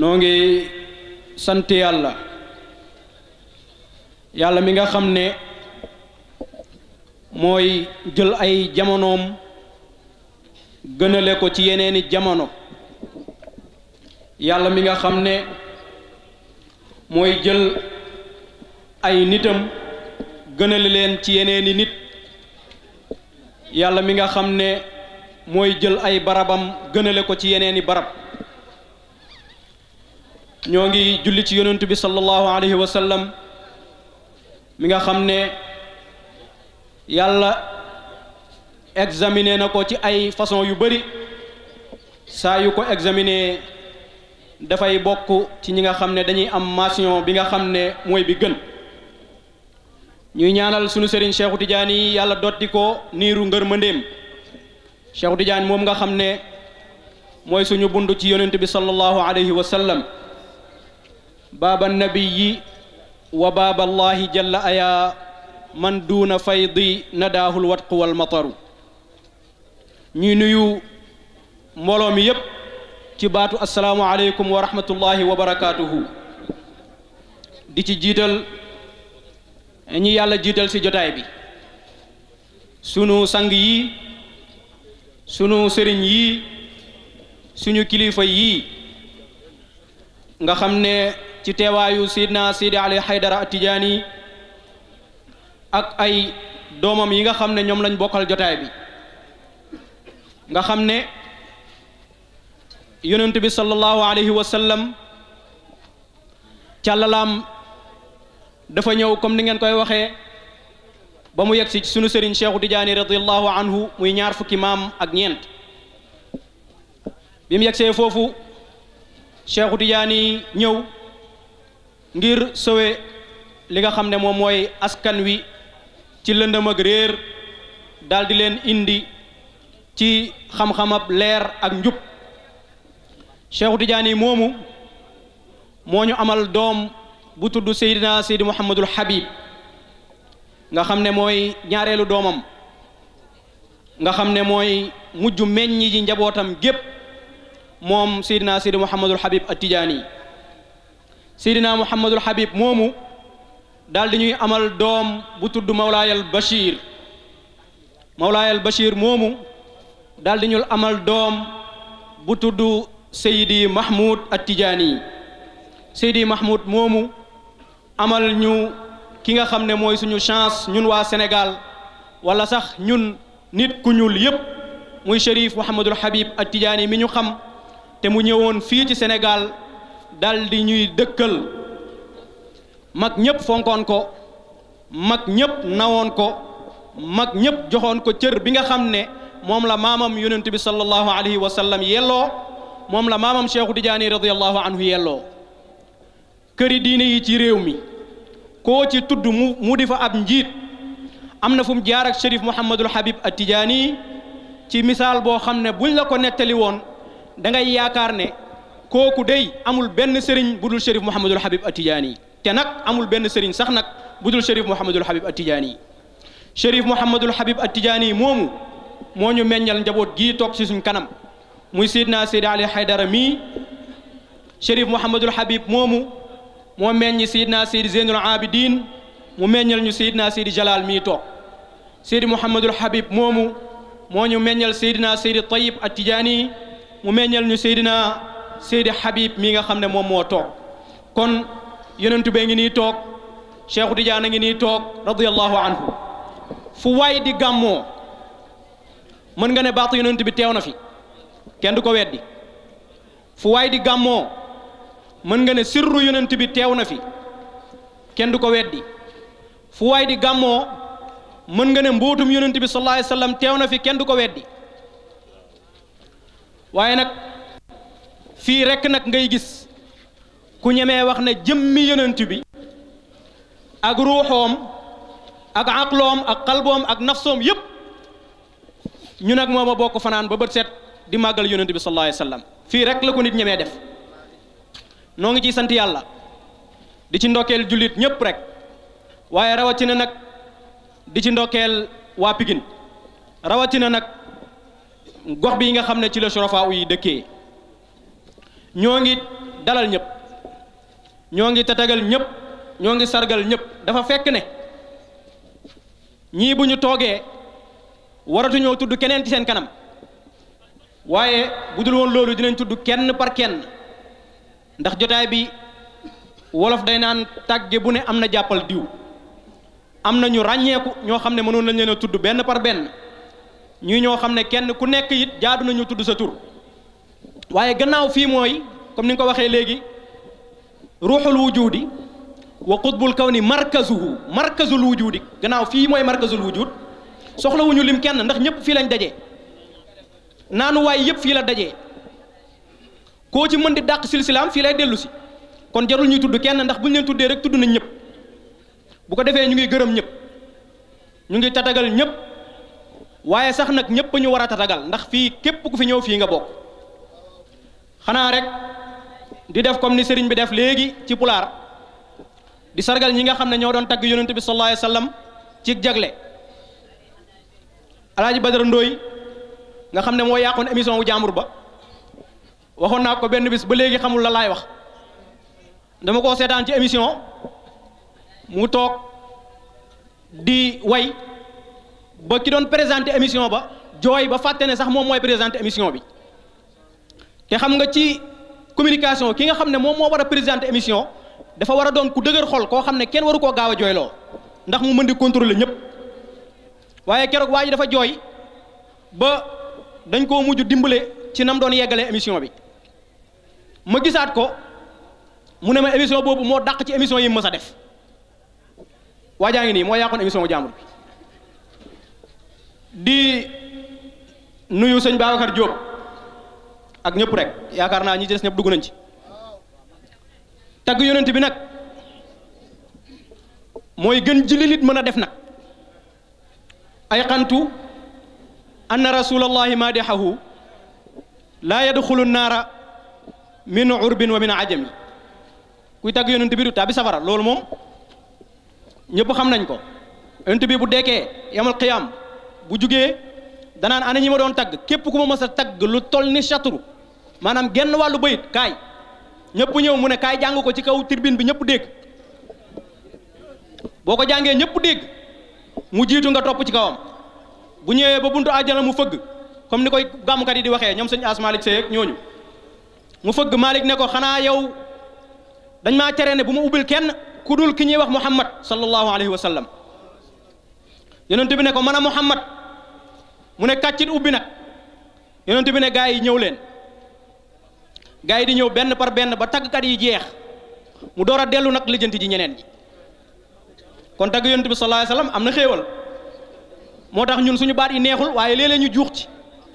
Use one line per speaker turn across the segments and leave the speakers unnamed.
noo ngi sant yàlla yàlla mi nga xam ne mooy jël ay jamonoom gënale ko ci yeneeni jamono yàlla mi nga xam ne mooy jël ay nitam gënale leen ci yeneeni nit yàlla mi nga xam ne mooy jël ay barabam gënale ko ci yeneeni barab ñoo ngi julli ci yonent bi sallallahu alayhi wa sallam mi nga xamne ne yàlla examiné na ci ay façon yu bari sa yu ko examiné fay bokku ci ñi nga xamne ne dañuy am mention bi nga xamne ne bi gën ñuy ñaanal suñu serigne cheikh tidiane yalla dotiko dotti ko niiru ngërmandéem tidiane mom nga xamne ne suñu bundu ci yonent bi sallallahu alayhi wa باب النبي وباب الله جل man من دون فيض نداه الودق والمطر ñuy nuyu mbooloo mi yépp ci baatu asalaamualeykum wa rahmatullahi wa barakaatuhu di ci jiital ñi yàlla jiital ci jotaay bi sunu sang yi sunu sëriñ yi suñu kilifa yii nga xam ne ci tewayu sidna sidi ali haydara atijani ak ay domam yi nga xamne ne lañ bokal jotay bi nga xamne ne bi sallallahu alayhi wa sallam càllalaam dafa ñew comme ni ngeen koy waxe ba mu yegg ci sunu serigne cheikhu tidiane radiyallahu anhu muy ñaar fukki mam ak ñent bimu mu fofu tidiane ñew ngir sowe li nga xam ne moom mooy askan wi ci lëndëm ak réer daal leen indi ci xam-xamab leer ak njub Cheikhu Tidiane moomu moo ñu amal doom bu tudd Seydina Seydi Mouhamadul Habib nga xam ne mooy ñaareelu doomam nga xam ne mooy mujj meññi ji njabootam gépp moom Seydina Seydi Mouhamadul Habib at Tidiane seydina muhammadul habib moomu daal di ñuy amal doom bu tudd mawlaayal bachir mawlaayal bachir moomu daal di ñul amal doom bu tudd seydi mahmoud attijaani seydi mahmoud moomu amal ñu ki nga xam ne mooy suñu chance ñun waa sénégal walla sax ñun nit ku ñuul yépp muy chérif muhammadul habib attijaani mi ñu xam te mu ñëwoon fii ci sénégal daldi ñuy dëkkal mag ñépp fonkoon ko mag ñépp nawoon ko mag ñépp joxoon ko cër bi nga xam ne moom la maamam yonent bi sallallahu alayhi wa yelloo moom la maamam Cheikhu Tijaani radiyallahu anhu yelloo këri diine yi ci réew mi ko ci tudd mu mu di fa ab njiit am na fu mu jaar ak Cherif Mouhamadul Habib at-Tijaani ci misaal boo xam ne buñ la ko nettali woon dangay yaakaar ne koku day amul ben serigne budul dul shérif Mouhamadul Habib Atijaani te nak amul ben serigne sax nak budul dul shérif Mouhamadul Habib Atijaani shérif Mouhamadul Habib Atijaani moomu moñu meñal njabot gi tok ci suñ kanam muy sidna sid Ali Haydara mii shérif Mouhamadul Habib moomu mo meñni sidna Seydi zainul Abidin mu meñal ñu Seydina Seydi Jalal mi tok Seydi Mouhamadul Habib moomu moo ñu meññal Seydina Seydi Tayyib Atijaani mu meññal ñu Seydina. Seydi Habib mi nga xam ne moom moo toog kon yonentu bee ngi nii toog Cheikhu Tidiane a ngi nii toog radiyallahu anhu fu waay di gàmmoo mën nga ne baatu yonent bi teew na fi kenn du ko weddi fu waay di gàmmoo mën nga ne sirru yonent bi teew na fi kenn du ko weddi fu waay di gàmmoo mën nga ne mbootum yonent bi sallam teew na fi kenn du ko weddi waaye nag Fi rek nak ngay gis ku ñemee wax ne jëmmi yonent bi ak ruuxoom ak aqlom ak qalbom ak nafsom yépp ñu nak moma bokk fanaan ba bët set di magal yonent bi sallallahu alayhi wasallam fi rek la ko nit ñemee def no ngi ci sant yalla di ci ndokkeel julit ñépp rek rawati rawatina nak di ci wa pigin rawati rawatina nak gox bi nga xamne ci le yi dekké ñoo dalal ñëpp ñoo ngi tatagal ñëpp ñoo ngi sargal ñëpp dafa fekk ne ñii bu ñu toogee ñoo tudd keneen ci seen kanam waaye bu dul woon loolu dinañ tudd kenn par kenn ndax jotaay bi wolof day naan tàgge bu ne am na jàppal diw am na ñu ràññeeku ñoo xam ne mënoon nañ leen a tudd benn par benn ñuy ñoo xam kenn ku nekk it jaadu nañu tudd sa tur waaye gannaaw fii mooy comme ni ko waxee léegi ruuxul wujudi wa kaw ni markazuhu markazul wujudi gannaaw fii mooy markazul wujud soxlawuñu lim kenn ndax ñëpp fii lañ dajee naanu waaye yëpp fii la daje koo ci mën di dàq silsilaam fii lay dellu si kon jarul ñuy tudd kenn ndax bu buñ leen tuddee rek tudd nañ ñëpp bu ko defee ñu ngi gërëm ñëpp ñu ngi tatagal ñëpp waaye sax nag ñëpp ñu war a tatagal ndax fii képp ku fi ñëw fii nga bokk xana rek di def comme ni serigne bi def legi ci pular di sargal ñi nga xamne ne ñoo doon tag bi sallallahu alayhi wasallam ci jagle alaaji badara ndoy nga xamne mo moo emission wu jamur ba waxon na ko benn bis ba léegi xamul la lay wax dama ko seetaan ci emission mu tok di way ba ki doon présenté émission ba joy ba fatene sax mom moy émission bi te xam nga ci communication ki nga xam ne moom moo war a présenter émission dafa war a doon ku dëgër xol koo xam ne kenn waru koo gaaw a jooyloo ndax mu mën di contrôler ñëpp waaye keroog waa dafa jooy ba dañ koo mujj dimbale ci nam doon yeggalee émission bi ma gisaat ko mu ne ma émission boobu moo daq ci émission yi mës a def waajaa ngi nii moo yàqoon émission bu jàmbur bi di nuyu sëñ Babacar Diop. ak ñëpp rek yaakaar naa ñi ci des ñëpp dugg nañ ci tagg yonent bi nag mooy gën jililit lilit mën a def nag ay xantu anna madihahu laa yadxulu naara min urbin wa min ajami kuy tagg yonent bi du tàbbi safara loolu moom ñëpp xam nañ ko yonent bi bu dekkee yamal qiyam bu jugee danaan ana ñi ma doon tagg képp ku ma mës a lu toll chatru manam genn walu beuyit kay ñepp ñew mu ne kay jang ko ci kaw tribune bi ñepp deg boko jangé ñepp deg mu jitu nga top ci kawam bu ñewé ba buntu aljana mu feug comme koy gam kat di waxé ñom señ as malik sey ak ñoñu mu feug malik ne ko xana yow dañ ma téré ne buma ubil kenn kudul ki ñi wax muhammad sallallahu alaihi wasallam yonent bi ne ko mana muhammad mu ne katchit ubbi nak yonent bi ne gaay ñew leen gaay di ñew benn par benn ba taggkat yi jeex mu door a dellu nag lijjanti ji ñeneen ñi kon tagg yonent bi sallallahu alayhi wasallam am na xéewal moo tax ñun suñu baat yi neexul waaye léeg ñu juux ci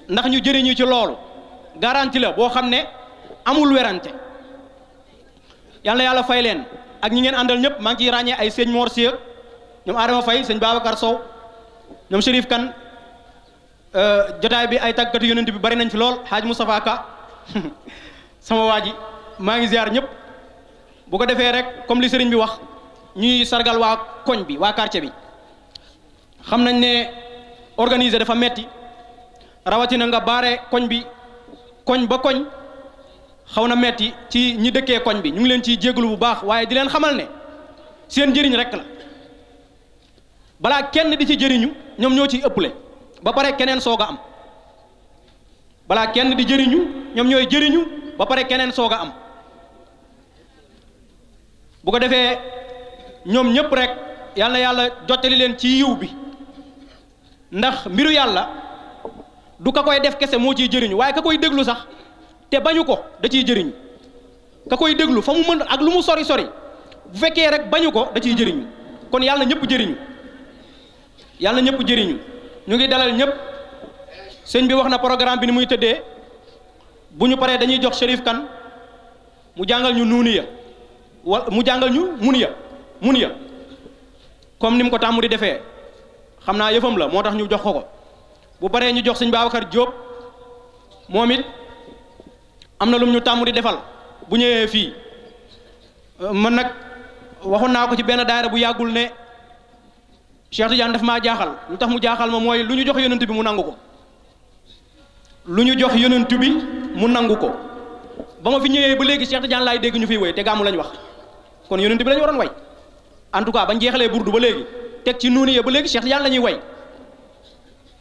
ndax ñu jëriñu ci loolu garanti la boo xam ne amul werante yàlla yàlla fay leen ak ñi ngeen àndal ñëpp maa ngi ciy ràññee ay sëñ Mor Sieur ñoom Adama fay sëñ Babacar Sow ñoom Chérif Kan jotaay bi ay tàggkati yonent bi bari nañ fi lool Haaj Moustapha Ka sama waji ma ngi ziar ñep bu ko defé rek comme li serigne bi wax ñuy sargal wa koñ bi wa quartier bi xam nañ ne organiser dafa metti na nga baré koñ bi koñ ba koñ xawna na metti ci ñi dëkkee koñ bi ñu ngi leen ci jéglu bu baax waye di leen xamal ne seen jëriñ rek la bala kenn di ci jëriñu ñom ñoo ci ëppulé ba paré keneen soga am bala kenn di jëriñu ñom ñoy jëriñu ba pare keneen soog am bu ko defee ñoom ñëpp rek yàlla yàlla jottali leen ci yiw bi ndax mbiru yàlla du ka koy def kese moo ciy jëriñu waaye ka koy déglu sax te bañu ko da ciy jëriñu ka koy déglu fa mu mën ak lu mu sori sori bu fekkee rek bañu ko da ciy jëriñu kon yàlla ñëpp jëriñu yàlla ñëpp jëriñu ñu ngi dalal ñëpp sëñ bi wax na programme bi ni muy tëddee buñu paré dañuy jox shérif kan mu jangal ñu nuniya mu jangal ñu munya munya comme nim ko tàmm di defee xam la motax ñu jox ko ko bu paré ñu jox seigne babakar Diop momit amna lu lum ñu tamuri di defal bu ñëwee fi euh, man nak waxu na ko ci ben daara bu yagul ne Cheikh Tidiane daf ma jaaxal lutax mu jaaxal ma moy lu ñu jox yonent bi mu nanguko lu ñu jox yonent mu nangu ko ba ma fi ñëwee ba léegi Cheikh Tidiane lay dégg ñu fi woy te gamu lañ wax kon yonent bi lañ waroon way en tout cas bañ jeexalee burdu ba léegi teg ci nuuni ya ba léegi Cheikh Tidiane lañuy ñuy way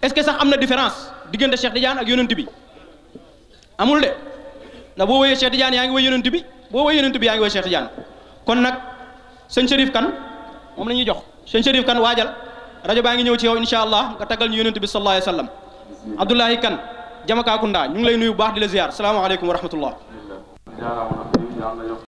est-ce que sax am na différence diggante Cheikh Tidiane ak yonent bi amul de na boo woyee Cheikh Tidiane yaa ngi woy yonent bi boo woyee yonent bi yaa ngi woy Cheikh Tidiane kon nag sëñ Chérif kan moom la ñuy jox sëñ Chérif kan waajal rajo baa ngi ñëw ci yow incha allah nga tagal ñu yonent bi sallallahu alayhi wa sallam Abdoulahi kan Diamakakounda ñu ngi lay nuyu bu baax di la ziar salaamaaleykum wa rahmatullah